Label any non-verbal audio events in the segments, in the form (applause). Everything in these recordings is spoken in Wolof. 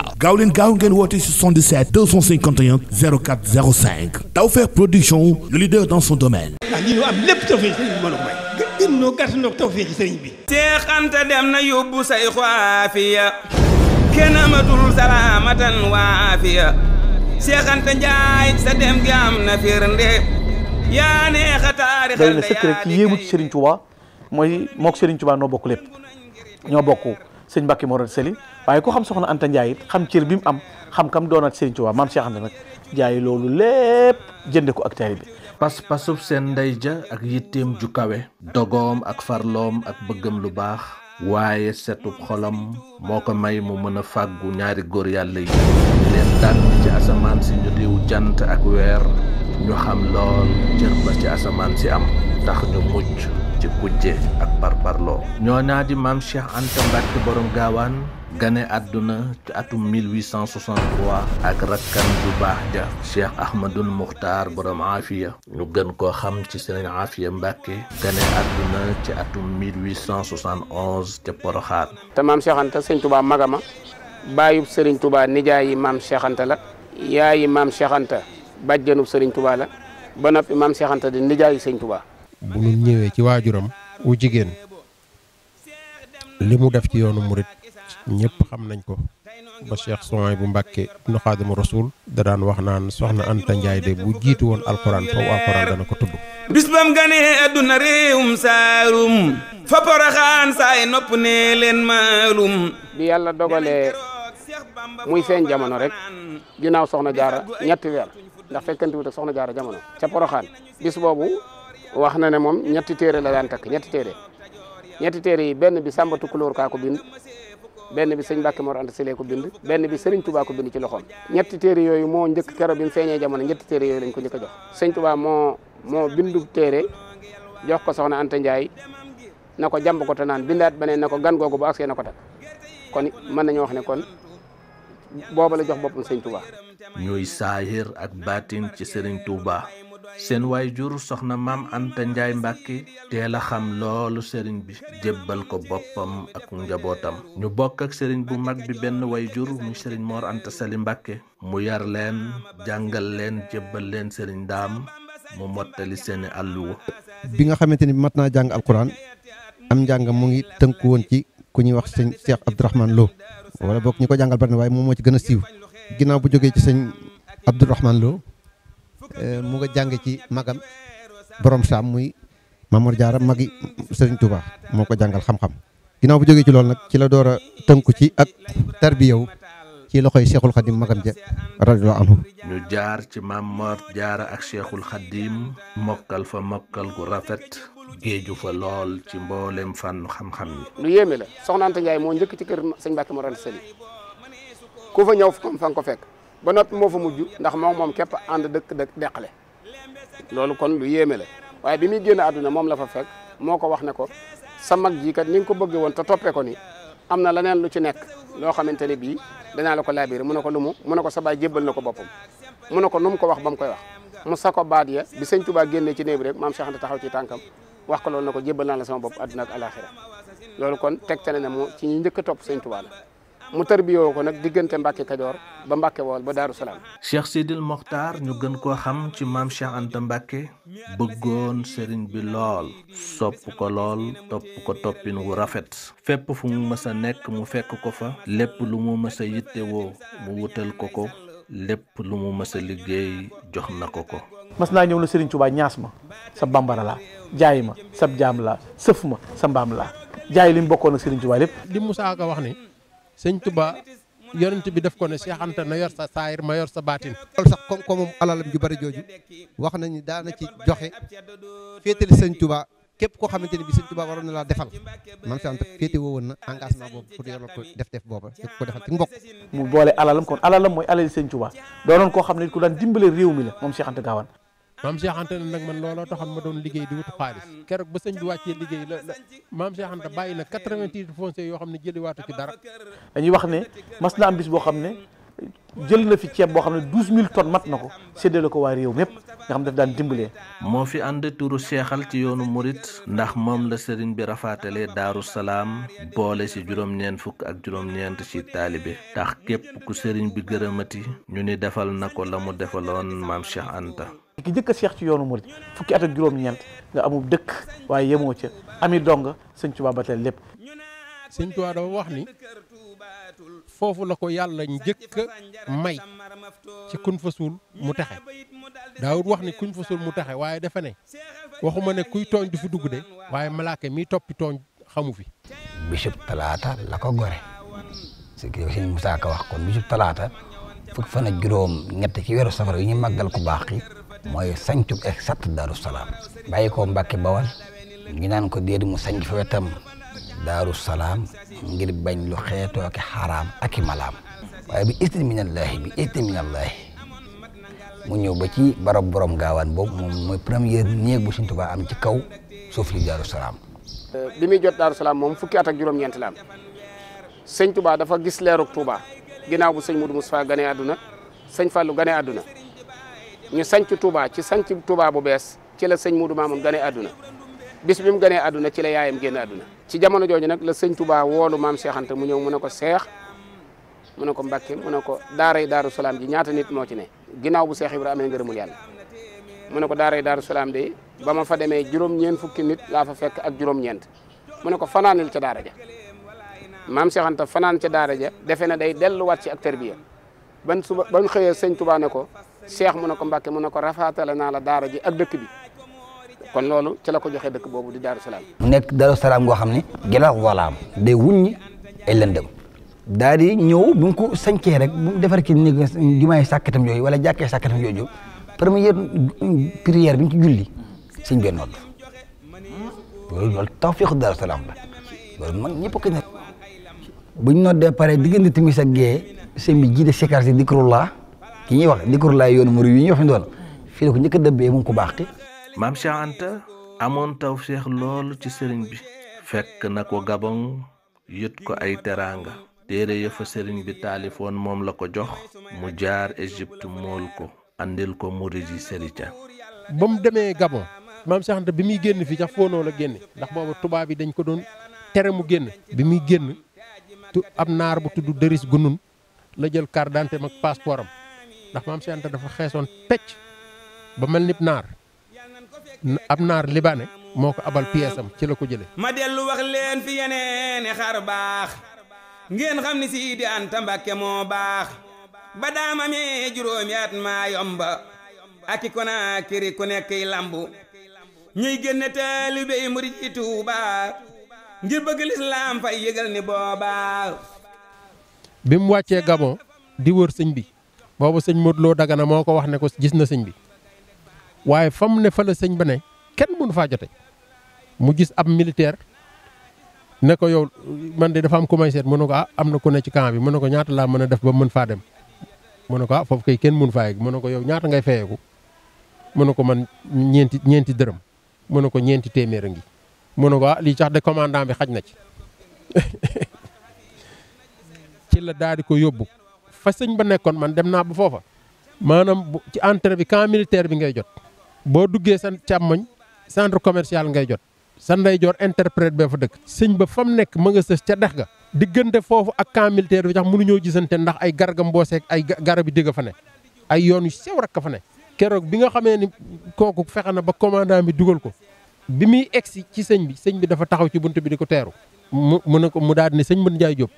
Sénégal gaaw leen gaaw ngeen woote 77 251 04 05 Tawfekh Production le leader dans son domaine. ah a dem na yóbbu say xaafiya kenn amatul salaamatan waafiya Seex Anta sa dem gi am na firnde. yaa neex a taarix day na sëkk mooy mook Serigne Touba noo bokk lépp ñoo bokk. sëñ Mbacke moo doon seli waaye ku xam soxna Anta Ndiaye xam cër bi mu am xam kam doonaat sëriñ Tuubaa maam Cheikh Anta nag jaay loolu lépp jënde ko ak taalibe bi pas pasub seen ndey ja ak yitteem ju kawe dogoom ak farloom ak bëggam lu baax waaye setub xolam moo ko may mu mën a fàggu ñaari góor yàlla yi leen dànn ci asamaan si ñu jant ak weer ñu xam lool cër ba ci asamaan si am tax ñu mucc ci kujje ak parparloo ñoo naa di maam Cheikh Anta Mbàkke borom gaawaan gane àdduna ci atum ak rakkan bu baax ja cheikh ahmadul muxtaar borom aafiya ñu gën koo xam ci sëriñ aafiya mbàkke gane àdduna ci atum 1871 ca poroxaan te maam Cheikh Anta sëñ magama baayub sëriñ tubaa nijaayi maam Cheikh la yaayi maam Cheikh Anta bàjjanub sëriñ la ba noppi maam Cheikh Anta di nijaayi sëñ tubaa bu nu ñëwee ci waajuram wu jigéen li mu def ci yoonu murit ñëpp xam nañ ko ba Cheikh Souhaï bu Mbàkke ibnu Xaadimu Rasuul da daan wax naan soxna Anta Njaay de bu jiitu woon alxuraan foofu alxuraan dana ko tudd bis bam ganee adduna réewum saarum fa poroxaan saay nopp ne leen maalum bi yàlla dogalee muy seen jamono rek ginnaaw soxna jaara ñetti weer ndax fekkante wut ak soxna jaara jamono ca poroxaan bis boobu wax na ne moom ñetti téere la daan takk ñetti téere ñetti téere yi benn bi sambatu Tukulóor kaa ko bind benn bi sëñ Mbàkke Mor Anta Sëlee ko bind benn bi Sëriñ Tuubaa ko bind ci loxoom ñetti téere yooyu moo njëkk kero bi mu feeñee jamono ñetti téere yooyu lañ ko njëkk a jox sëñ Tuubaa moo moo bindu téere jox ko soxna Anta Ndiaye na ko jamb ko te naan bindaat beneen na ko gan googu bu agsee na ko takk kon mën nañu wax ne kon booba la jox bopp sëñ Tuubaa ñooy saahir ak baatin ci Sëriñ Tuubaa seen jur soxna maam Anta Njaay Mbàkke teel a xam loolu sëriñ bi jébbal ko boppam ak njabootam ñu bokk ak sëriñ bu mag bi benn way jur muy sëriñ Mor Anta Sali Mbàkke mu yar leen jàngal leen jébbal leen sëriñ daam mu mottali seeni àlluwa bi nga xamante ni mat naa jàng alquran am njàng mu ngi tënku woon ci ku ñuy wax sëñ Cheikh Abdourahman loo wala bokk ñu ko jàngal bari na waaye moom moo ci gën a siiw ginnaaw bu jógee ci sëñ Abdourahman Lo Eh, mu nga jànge ci magam borom saam muy Mamor Diarra magi Serigne Touba moo ko jàngal xam-xam ginnaaw bu jógee ci loolu nag ci la door tënku ci ak tarbiyaw ci loxoy Cheikhul Khadim magam ja radiyallahu anhu ñu jaar ci Mamor Diarra ak Cheikhul Khadim mokkal fa mokkal gu rafet géeju fa lool ci mboolem fànn xam-xam yi. lu yéeme la soxna Anta Ndiaye moo njëkk ci kër sëñ Mbacke Mor Anta Sali ku fa ñëw fa ko fekk. ba noppi moo fa mujj ndax moom moom képp ànd dëkk dëkk deqale loolu kon lu yéeme la waaye bi muy génn àdduna moom la fa fekk moo ko wax ne ko sa mag ji kat ko bëggee woon te toppee ko ni am na leneen lu ci nekk loo xamante ne bii danaa la ko laabiir mu ne ko lu mu mu ne ko sa baay jébbal na ko boppam mu ne ko nu mu ko wax ba mu koy wax mu sa ko baat ya bi sëñ Tuubaa génnee ci néew rek maam Cheikh Anta taxaw ci tànkam wax ko loolu na ko jébbal naa la sama bopp àdduna loolu kon tegtale na mu ci ñi njëkk a mu tarbiyoo ko nag diggante Mbacke Kajoor ba Mbacke Bawol ba Daaru Salaam. Cheikh Sidil Mokhtar ñu gën koo xam ci maam Cheikh Anta Mbacke bëggoon sëriñ bi lool sopp ko lool topp ko toppin wu rafet fépp fu mu mësa nekk mu fekk ko fa lépp lu mu mës a yittewoo mu wutal ko ko lépp lu mu mësa liggéey jox na ko ko. mas naa ñëw la Serigne Touba ñaas ma sa bambara laa jaay ma sab jaam laa sëf ma sa mbaam laa jaay li mu bokkoon ak Serigne Touba lépp. li Moussa Ka wax ni sëñ Touba yonent bi def ko ne Cheikh Anta na yor sa saayir ma yor sa baatin. loolu sax comme comme moom alalam ju bari jooju wax nañu daana ci joxe féetali sëñ Touba képp koo xamante ne bi sëñ Touba waroon na laa defal man Cheikh Anta féete woowoon na engagement boobu pour yor la ko def def booba képp ko defal ci mbokk. mu boole alalam kon alalam mooy alali sëñ Touba doonoon koo xam ne ko daan dimbale réew mi la moom Cheikh Anta maam Cheikh Anta nag man looloo taxoon ma doon liggéey di wut xaalis keroog ba sëñ bi wàccee liggéey la maam Cheikh bàyyi na 88 foncier yoo xam ne waatu ci dara. dañuy wax ne mas na am bis boo xam ne jël na fi ceeb boo xam ne douze mille tonnes mat na ko séddale ko waa réew mépp nga xam daf daan dimbalee moo fi ànd turu seexal ci yoonu murit ndax moom la sëriñ bi rafaatale daaru salaam boole ci juróom-ñeent ak juróom-ñeent ci taalibe tax képp ku sëriñ bi gërëmati ñu ni defal na ko la mu defaloon maam Cheikh Anta ki jëkk seex ci yoonu fukki at ak juróom-ñeent nga amul dëkk waaye yemoo ca ami dong sëñ Tuubaa ba tey lépp sëñ Tuubaa dafa wax ni foofu la ko yàlla njëkk may ci kun fa suul mu texe daawut wax ni kuñ fa mu texe waaye dafa ne waxuma ne kuy tooñ du fi dugg de waaye malaake mi toppi tooñ xamu fi bisub talaata la ko gore si ki sëñ Musaa wax kon bisub talaata fukk fan ak juróom ñett ci weeru safara yi ñu màggal ku baax yi mooy sancub ek satt Daaru Salaam bàyyi ko Mbàkke Bawal ñu naan ko déedi mu sanc fa wetam daaru salaam ngir bañ lu xeetooki xaraam ak i malaam waaye bi izni minallaahi bi izni minallaahi mu ñëw ba ci barab borom gaawan boobu moom mooy première bu Sëriñ Tuubaa am ci kaw suuf li daaru salaam. muy jot daaru moom fukki at ak juróom-ñeent la am Sëriñ dafa gis leeruk Tuubaa ginnaaw bu sëñ Modou Moustapha ganee àdduna sëñ Fallou ganee àdduna ñu sanc Tuubaa ci sanc Tuubaa bu bees ci la sëñ Modou Mamoun ganee àdduna. bis bi mu gënee àdduna ci la yaayam génn àdduna ci jamono jooju nag la sëñ Touba woolu maam Cheikh mu ñëw mu ne ko seex mu ne ko Mbàkke mu ne ko daaray Daaru Salaam ji ñaata nit moo ci ne ginnaaw bu Seex Ibra amee ngërëmul yàlla mu ne ko daaray Daaru Salaam de ba ma fa demee juróom-ñeent fukki nit laa fa fekk ak juróom-ñeent mu ne ko fanaanul ca daara ja maam Cheikh fanaan ca daara ja defe na day delluwaat ci ak tarbiya ban suba ban xëyee sëñ Touba ne ko seex mu ne ko Mbàkke mu ne ko rafaatale naa la daara ji ak dëkk bi kon loolu ci la ko joxee dëkk boobu di Daaru Salaam. mu nekk Daaru Salaam goo xam ne. gelax walaam day wuññi ay lëndëm. daal di ñëw bu mu ko sañcee rek defar ki ni jumaay sàkkatam yooyu wala jàkkee sàkkatam yooyu première prière bi ñu ci julli sëñ bee nodd loolu loolu tawfiixu Daaru Salaam la loolu mag ñëpp ko ne bu ñu noddee pare diggante timis ak gee sëñ bi jiite sikar si dikrullah ki ñuy wax dikrullah yoonu murid yi ñuy wax ñu doon fii la ko njëkk a dëbbee mu ko baax maam Cheikh amoon taw tawféex loolu ci sëriñ bi fekk na ko Gabon yët ko ay teraanga téere ya fa sëriñ bi taalifoon moom la ko jox mu jaar Égypte mool ko andil ko murid yi sëri ca ba mu demee Gabon maam Cheikh bi muy génn fii sax foonoo la génne ndax booba tubaab yi dañu ko doon tere mu génn bi muy génn tu ab naar bu tudd Deris Gunun la jël carte d'identité am ak passeport ndax maam Cheikh dafa xeesoon pecc ba mel ni naar ab naar libaane moo ko abal pièce ci la ko jële ma dellu wax leen fi yeneeni xar baax ngeen xam ni Sidi Anta Mbàkke moo baax ba daamamee juróomi at maa yomba ak i Konaakiri ku nekk i lambu ñuy génne taalibe yi murit yi Tuuba ngir bëgg lislaam fay yëgal ni booba bi mu wàccee Gabon di wër sëñ bi boobu sëñ Modou Lo Dagana moo ko wax ne ko gis na sëñ bi waaye fa mu ne fa la sëñ ba ne kenn mënu faa jote mu gis ab militaire ne yow man de dafa am ku may seet ko ah am na ku ne ci camp bi mu ne ko ñaata laa mën a def ba mën faa dem mu ne ko ah, kay kenn mënu faa yegg mu ne ko yow ñaata ngay fayeeku mu ne ko man ñeenti ñeenti dërëm mu ne ko ñeenti téeméer ngi mënu ne ko ah lii sax de commandant bi xaj na ci (laughs) ci la daal di ko yóbbu fa sëñ ba nekkoon man dem naa ba foofa maanaam ci entre bi camp militaire bi ngay jot boo duggee sa càmmoñ centre commercial ngay jot sa ndeyjoor interprète ba fa dëkk sëñ ba fa mu nekk ma nga sës ca dex ga diggante foofu ak camp militaire bi tax mënuñoo gisante ndax ay garga mbooseeg ay garab yi digg fa ne ay yoon yu sew rekk ka fa ne keroog bi nga xamee ni kooku fexe na ba commandant bi dugal ko bi muy egsi ci sëñ bi sëñ bi dafa taxaw ci bunt bi di ko teeru mu mu ne ko mu daal di ne sëñ Mën jaay Jóob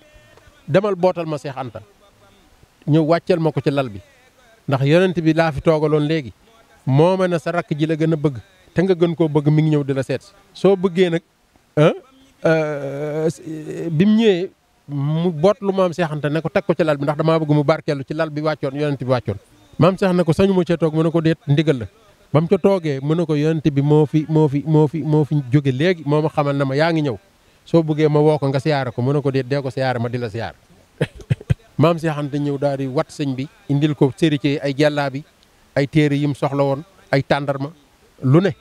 demal bootal ma Seex Anta ñëw wàcceel ma ko ci lal bi ndax yonent bi laa fi toogaloon léegi moo mooma na sa rakk ji la gën a bëgg te nga gën koo bëgg mi ngi ñëw di la seet soo bëggee nag ah, euh, bi mu ñëwee mu boot lu maam seexante ne ko teg ko ci lal bi ndax damaa bëgg mu barkeelu ci lal bi wàccoon yonent bi wàccoon maam seex ne ko sañu ma toog mën a ko deet ndigal la ba mu ca toogee mu ne ko yonent bi moo fi moo fi moo fi moo fi jóge léegi moo ma xamal na ma yaa ngi ñëw soo bëggee ma woo ko nga siyaara ko mën ne ko dee dee ko siyaara ma di la siyaar (laughs) maam seexante ñëw daal di wat sëñ bi indil ko sérité ay jàllaa bi ay téere yi mu soxla woon ay tàndarma lu ne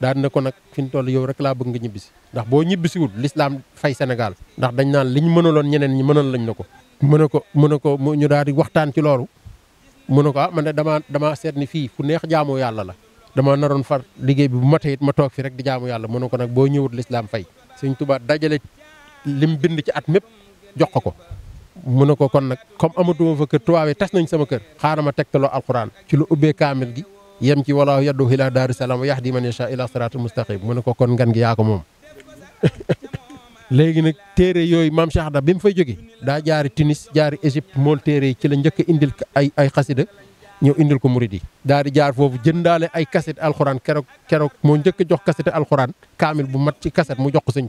daan na ko nag fi mu toll yow rek laa bëgg nga ñibbisi ndax boo ñibbisiwul lislaam fay Sénégal ndax dañ naan li liñ mënaloon ñeneen ñi mënal lañ ne ko mën na ko mën na ko ñu daal di waxtaan ci loolu mu ne ko ah man de damaa damaa seet ni fii fu neex jaamu yàlla la dama naroon far liggéey bi bu ma teyit ma toog fi rek di jaamu yàlla mën na ko nag boo ñëwut lislaam fay sëñ Tuubaa dajale lim bind ci at mépp jox ko ko mu ne ko kon nag comme amatuma fa kër tubaab tas nañ sama kër xaaral ma tegtaloo alxuraan ci lu ubbee kaamil gi yem ci wala yaddu ila daari salaam yahdi man yasha ila siraatul mustaqim mu ne ko kon ngan gi yaa ko moom. (laughs) léegi nag téere yooyu maam Cheikh Anta bi mu fay jógee daa jaari Tunis jaari Égypte mool téere yi ci la njëkk indil ay ay xasida ñëw indil ko murid yi daal di jaar foofu jëndaale ay kaset alxuraan keroog keroog moo njëkk jox kaset alxuraan kaamil bu mat ci kaset mu jox ko sëñ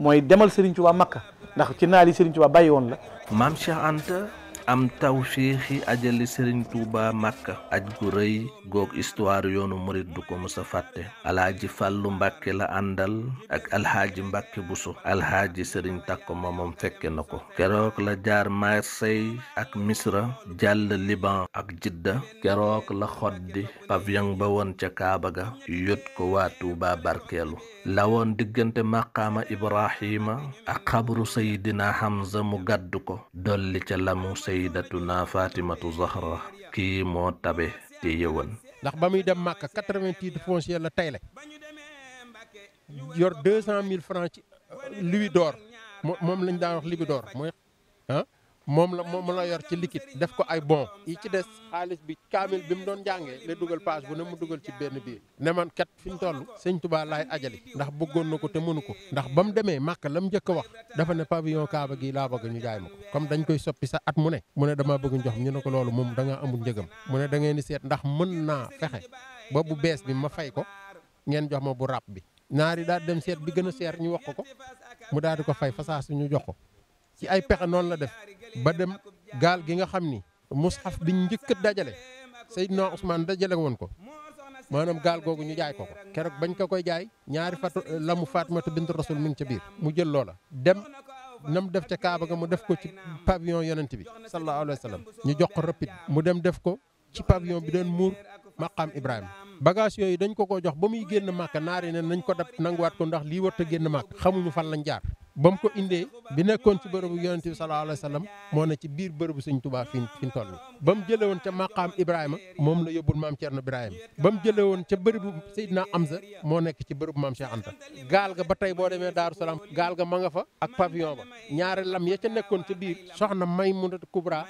mooy demal Serigne Touba Makka ndax ci naal yi Serigne Touba bàyyi woon la. maam Cheikh Anta. am tawféexi ajali Serigne Touba Makka aj gu rëy goog histoire yoonu murit du ko mës a fàtte alhaaji Fàllu Mbàkke la àndal ak alhaaji bu Buso alhaaji Serigne Takko moom fekke na ko keroog la jaar Marseille ak Misra jàll Liban ak Jidda keroog la xoddi pavillon ba woon ca Kaaba ga yot ko waa Touba barkeelu la woon diggante maqaama Ibrahima ak xabru Seydina Hamza mu gàddu ko dolli ca lamu Seydina sayyidatuna fatimatu zahra kii moo tabe te yëwan ndax ba muy dem màkka 80 titres fonciers la tayle yor 200 000 francs ci euh, louis d'or moom lañ daan wax louis d'or mooy ah, moom la moom la yor ci liquide def ko ay bon yi ci des xaalis bi kaamil bi mu doon jàngee la dugal paas bu ne mu dugal ci benn biir ne man ket fi mu toll sëñ laay ajali ndax bëggoon na ko te mënu ko ndax ba mu demee màkk la mu njëkk wax dafa ne pavillon Kaaba gi laa bëgg ñu jaay ma ko comme dañ koy soppi sa at mu ne mu ne damaa bëgg njox ñu ko loolu moom da ngaa njëgam mu ne da ngeen di seet ndax mën naa fexe ba bu bees bi ma fay ko ngeen jox ma bu ràbb bi naari daal dem seet bi gën a seer ñu wax ko ko mu daal di ko fay fa saa su ñu jox ko ci ay pexe noonu la def ba dem gaal gi nga xam ni mushaf bi njëkk dajale Seydina Ousmane dajale woon ko maanaam gaal googu ñu jaay ko ko keroog bañ ko koy jaay ñaari fatu lamu Fatimatu bint Rasul mi ngi ca biir mu jël loola dem na mu def ca Kaaba ga mu def ko ci pavillon yonent bi sallallahu alayhi wa sallam ñu jox ko rapide mu dem def ko ci pavillon bi doon muur maqaam Ibrahima bagage yooyu dañ ko koo jox ba muy génn màkk naar yi ne nañ ko dab nanguwaat ko ndax lii warut génn màkk xamuñu fan lañ jaar ba mu ko indee bi nekkoon ci bërëbu yonent bi sallallahu alayhi wa moo ne ci biir bërëbu sëñ Touba fi fi toll ba mu jëlee woon ca maqaam Ibrahima moom la yóbbul maam Thierno Ibrahima ba mu jëlee woon ca bërëbu Seydina Amza moo nekk ci bërëbu maam Cheikh gaal ga ba tey boo demee Daaru Salaam gaal ga ma nga fa ak pavillon ba ñaari lam ya ca nekkoon ca biir soxna Maymuna Kubra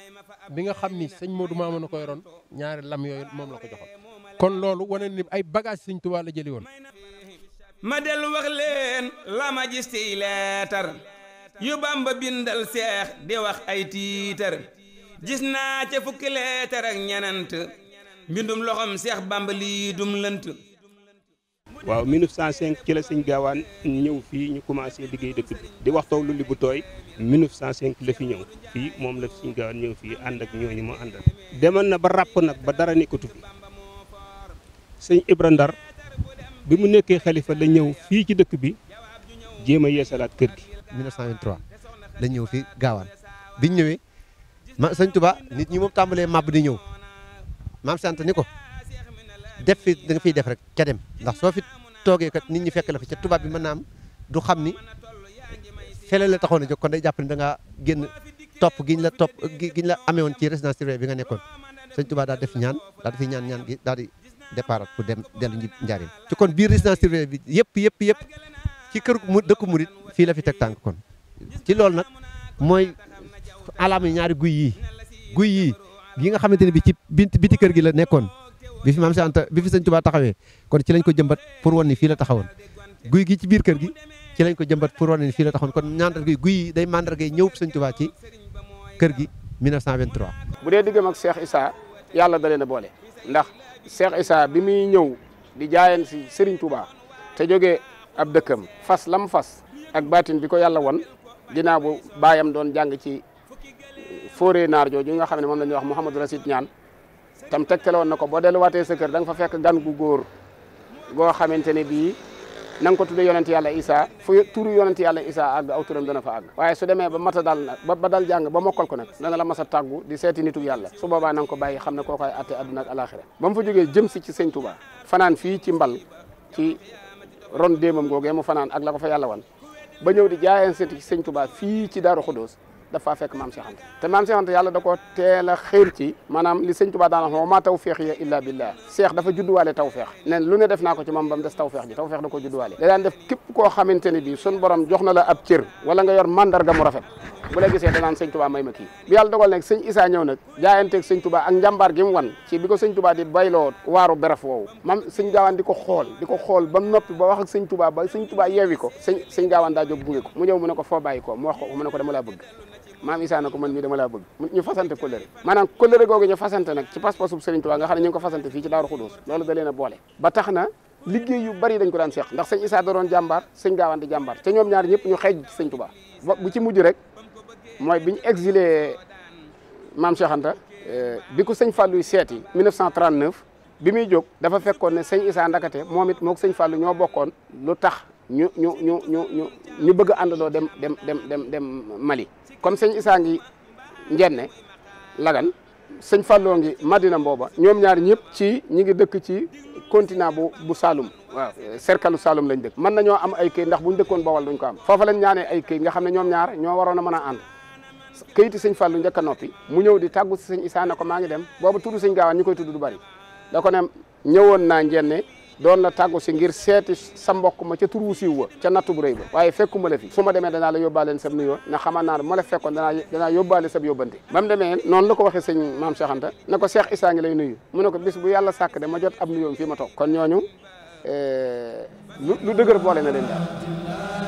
bi nga xam ni sëñ Modou mën a ko yoroon ñaari lam yooyu moom la ko joxoon kon loolu wane ay bagages sëñ Touba la jëli woon ma del wax leen la ma gis ciy leetar yu bamba bindal seex di wax ay tiitar gis naa ca fukki leetar ak ñenant mbindum loxom seex bamba lii dum lënt waaw 1905 ci la sëñ gaawaan ñëw fii ñu commencé liggéey dëkk bi di wax toog lu li bu tooy 1905 la fi ñëw fii moom la sëñ gaawaan ñëw fii ànd ak ñooñu mu àndal demoon na ba ràpp nag ba dara nekkatu fi sëñ Ibra Ndar bi mu nekkee xalifa la ñëw fii ci dëkk bi jéem a yeesalaat kër gi. 1923 la ñëw fi gaawaan biñ ñëwee ma sañ Touba nit ñi moom tàmbalee màbb di ñëw maam sant ni ko def fi da nga fiy def rek ca dem ndax soo fi toogee kat nit ñi fekk la fi ca tubaab bi ma naam du xam ni fele la taxoon a jóg kon day jàpp ni da nga génn topp gi la topp giñ la amee woon ci résidence surveillée bi nga nekkoon sëñ tuba daal def ñaan daal di fi ñaan ñaan gi di. départ pour dem dellu ñi njaarim ci kon biir résidence surveillée bi yëpp yëpp yëpp ci kër mu dëkku murit fii la fi teg tànk kon ci loolu nag mooy alaama ñaari guy yi guy yi gi nga xamante ne bi ci biti kër gi la nekkoon bi fi maam si Anta bi fi sëñ Tuubaa taxawee kon ci lañ ko jëmbat pour wan ni fii la taxawoon guy gi ci biir kër gi ci lañ ko jëmbat pour wan fii la taxawoon kon ñaandarga yi guy yi day mandargay ñëw sëñ Tuubaa ci kër gi 1923. bu dee diggam ak Cheikh isaa yàlla da leen a boole ndax Cheikh Issa bi muy ñëw di jaayan si Serigne Touba te jógee ab dëkkam fas lam fas ak baatin bi ko yàlla won ginnaaw bu baayam doon jàng ci fooree naar jooju nga xam ne moom la ñuy wax Mouhamadou Rasid ñaan tam tegtale woon na ko boo watee sa kër da nga fa fekk gan gu góor goo xamante ne bii na nga ko tudde yonent yàlla isa fu turu yonent yàlla isa àgg aw turam dana fa àgg waaye su demee ba mata dal na ba dal jàng ba mokkal ko nag dana la mas a tàggu di seeti nitu yàlla su boobaa na nga ko bàyyi xam ne koo koy atte adduna ak alaxira ba mu fa jógee jëm si ci sëñ Touba fanaan fii ci mbal ci ron déemam googee mu fanaan ak la ko fa yàlla wan ba ñëw di jaayeen seeti ci sëñ Touba fii ci Daaru Xudóos dafa fekk maam Cheikh Anta te maam Cheikh Anta yàlla da ko teel a xéer ci maanaam li sëñ Tuubaa daana wax ma tawfeex ya illa billah seex dafa judduwaale tawfeex ne lu ne def naa ko ci moom ba mu des tawfeex ji tawfeex da ko judduwaale da daan def képp koo xamante ne bii sun borom jox na la ab cër wala nga yor mandarga mu rafet bu legi gisee danaan sëñ Tuubaa may ma kii bi yàlla dogal nag sëñ Isaa ñëw nag jaayanteeg sëñ Tuubaa ak njàmbaar gi mu wan ci bi ko sëñ Tuubaa di bayloo waaru beref woowu mam sëñ gaawaan di ko xool di ko xool ba noppi ba wax ak sëñ Tuubaa ba sëñ Tuubaa yeewi ko sëñ sëñ gaawaan daa jóg gunge mu ñëw ne ko foo bàyyi ko mu wax ko ko dama bëgg maam Issa na ko man mii dama laa bëgg ñu fasante kóllëre maanaam kóllëre googu ñu fasante nag ci pas-pasub Serigne Touba nga xam ne ñu ngi ko fasante fii ci Daaru Xudoos loolu da leen a boole ba tax na liggéey bari dañ ko daan seq ndax sëñ Issa da doon jàmbaar sëñ Gaawaan di jàmbaar te ñoom ñaar ñëpp ñu xeej ci sëñ Touba bu ci mujj rek mooy bi ñu exilé maam Cheikh Anta euh, bi ko sëñ Fallou seeti bi muy jóg dafa fekkoon ne sëñ Issa Ndakate moom it moog sëñ Fallou ñoo bokkoon lu tax ñu ñu ñu ñu ñu bëgg a àndandoo dem dem dem dem Mali comme sëñ Isaa ngi njenne lagan sëñ Falloo ngi Madina booba ñoom ñaar ñëpp ci ñi ngi dëkk ci continent bu bu Saloum waaw cercle Saloum lañ dëkk mën nañoo am ay këyit ndax buñ dëkkoon Bawol duñ ko am foofa lañ ñaanee ay këyit nga xam ne ñoom ñaar ñoo waroon a mën a ànd këyiti sëñ fallu njëkk a noppi mu ñëw di tàggu si sëñ Isaa ko maa ngi dem boobu tudd sëñ Gaawaan ñu koy tudd du bari da ko ne ñëwoon naa njenne doon na tàggu si ngir seeti sa mbokk ma ca turu siiw wa ca nattu bu rëy ba waaye fekkuma la fi su ma demee danaa la yóbbaaleen sab nuyoo na xamal naa ma la fekkoon danaa danaa yóbbaale sab yóbbante ba mu demee noon la ko waxee sëñ maam Cheikh Anta na ko Cheikh Issa lay nuyu mu ne ko bis bu yàlla sàkk de ma jot ab nuyoom fii ma toog kon ñooñu eh, lu dëgër boole na leen daal